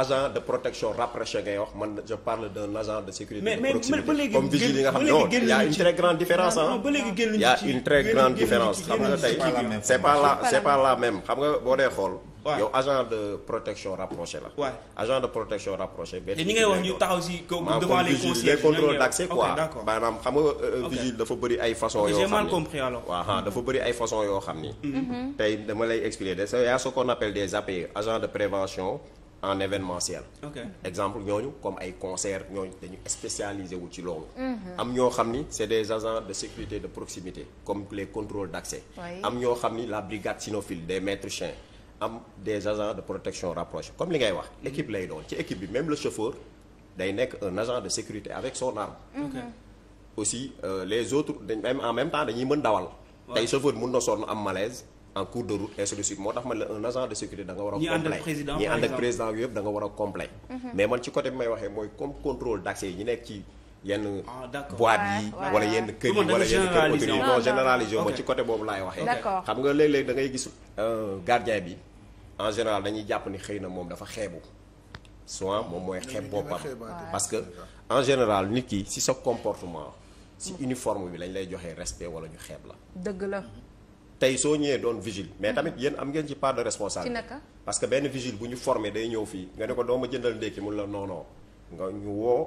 agent de protection rapproché ngay wax man je parle d'un agent de sécurité mais, comme vigile yi nga xam ne il a une très grande différence ah il y a une très grande différence xam nga tey c'est pas la c'est pas la même xam nga boo dee xool yow agent de protection rapproché la agent de protection rapproché benn taxaw si devant les xam nga euh, euh, vigile dafa bëri ay façon yoo xam ne waaw dafa bëri ay façon yoo xam ni tey dama lay expliquer de ça y a ce qu'on appelle de prévention en événement événementiel. ok exemple ñooñu comme ay concert ñooñu dañu spécialisé wu ci loolu. Mhm. am ñoo xam ni c' est des agents de sécurité de proximité comme les contrôles d' am ñoo xam ni la brigade cynophile des maîtres chiens am des agents de protection rapprochée comme li ngay wax l' mhm. équipe lay doon ci équipe bi même le chauffeur day nekk un agent de sécurité avec son arme. Mhm. aussi euh, les autres dañ en même temps dañuy mën dawal. tey chauffeur mën na sonn am malaise. en cours de route ainsi de suite moo tax man la un agent de sécurité da nga war a. ñi ànd ak président ñi yëpp da war a complet mhm. mais man ci côté bi may waxee mooy comme contrôle d'accès yi ñu nekk ci yenn. Ah, boîte yi wala yenn kër yi wala yenn kër autorité non généralisé man ci côté boobu laay waxee. xam nga léeg-léeg da ngay gis euh, gardien bi en général dañuy jàpp ni xëy na moom dafa xeebu. souvent moom mooy xeeb boppam parce que en général nit ki si sa comportement si mm. uniforme bi lañ lay joxee respect wala ñu xeeb la. tey soo ñëwee doon vigile mais hmm. tamit yéen am ngeen ci part de responsabilité parce que benn vigile bu ñu formé day ñëw fii nga ne ko doo ma jëndal ndékki mun la non nga ñu woo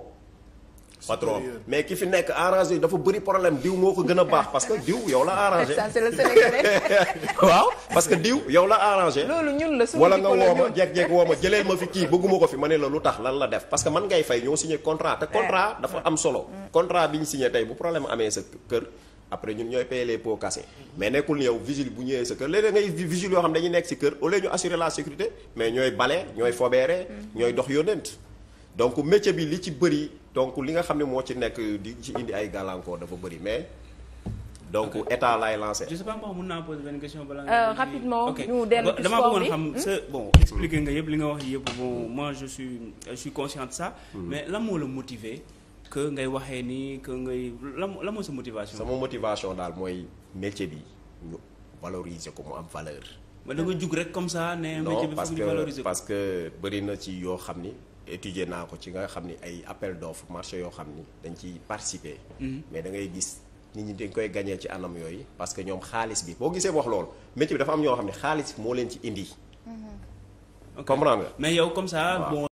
patron mais ki fi nekk arrangé dafa bëri problème diw moo ko gën a baax parce que diw yow la arrangé ça waaw parce que diw yow la arrangé loolu ñun la wala nga woo ma jeeg-jeeg woo ma jëleel ma fi kii bëgguma ko fi ma ne la lu tax lan la def parce que man ngay fay ñoo signé contrat te contrat eh. dafa am solo hmm. contrat bi ñu signé tey bu problème amee sa kër après ñun ñooy payer les pots cassés mais nekkul ni yow vigile bu ñëwee sa kër léeg-léeg ngay yoo xam dañuy nekk si kër au ñu assurer la sécurité mais ñooy bale ñooy fobeere ñooy dox yónent donc métier bi li ci bëri donc li nga xam ne moo ci nekk di ci indi ay gàllankoor dafa bëri mais donc état laay lancé. je sais pas mën naa poser benn question balaa nga. Euh, rapidement ñu dellu ci xam sa hmm? bon hmm. expliquer nga yëpp li nga wax yëpp bon moi je suis je suis hmm. mais lan moo la motiver. que ngay waxee ni que ngay la sa motivation. sama motivation daal mooy métier bi ñu valoriser ko mu am valeur. ma da nga jug rek comme ça ne. métier bi foog ñu valoriser ko parce que bëri na ci yoo xam ni étudier naa ko ci nga xam ni ay appel d'offre marché yoo xam ni dañ ci participer. Mhm. mais da ngay gis. nit ñi dañ koy gañee ci anam yooyu parce que ñoom xaalis bi boo gisee wax loolu métier bi dafa am ñoo xam ne xaalis moo leen ci indi. Mhm. comprendre nga mais yow